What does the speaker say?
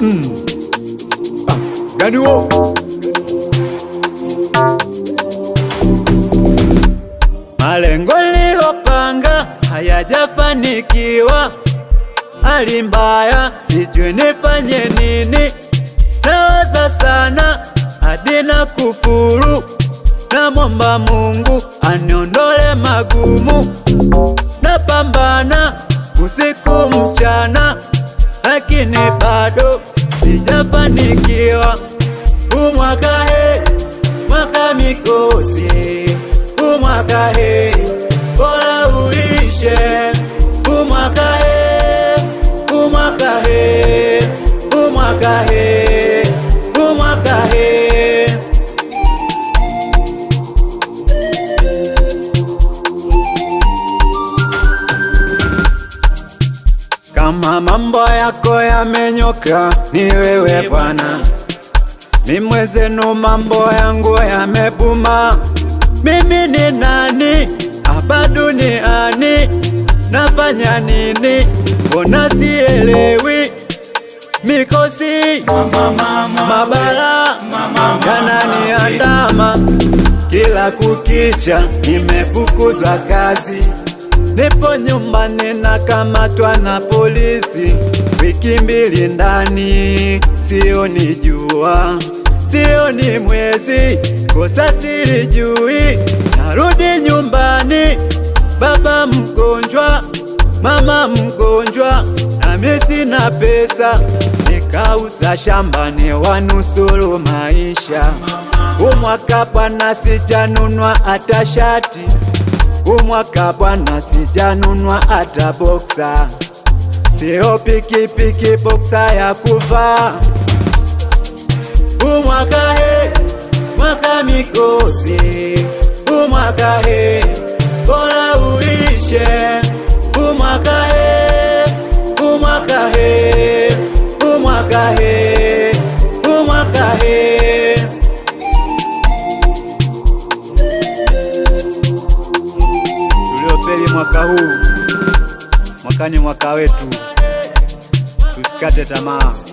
Mm. Ah, Malengo niliyopanga hayajafanikiwa, hali mbaya, sijui nifanye nini. Nawaza sana hadi na kufuru, namwomba Mungu aniondole magumu. Napambana usiku mchana, lakini bado sijafanikiwa umwaka he mwaka mikosi umwaka he bora uishe umwaka he umwaka he umwaka he Kama mambo yako yamenyoka, ni wewe Bwana. Mimwe zenu mambo yangu yamebuma. Mimi ni nani? Hapa duniani nafanya nini? Mbona sielewi? Mikosi mama, mama, mabala yananiandama kila kukicha, nimefukuzwa kazi Nipo nyumbani na kamatwa na polisi, wiki mbili ndani, sioni jua, sioni mwezi, kosa silijui. Narudi nyumbani, baba mgonjwa, mama mgonjwa, nami sina pesa. Nikauza ni wanusuru maisha. Umwaka na sijanunwa hata shati umwaka bwana, sijanunwa ata boksa, sio pikipiki boksa ya kufa umwaka he, mwaka mikosi umwaka he, bora uishe umwaka he, umwaka he, umwaka he mwaka huu, mwakani mwaka wetu, tusikate tamaa.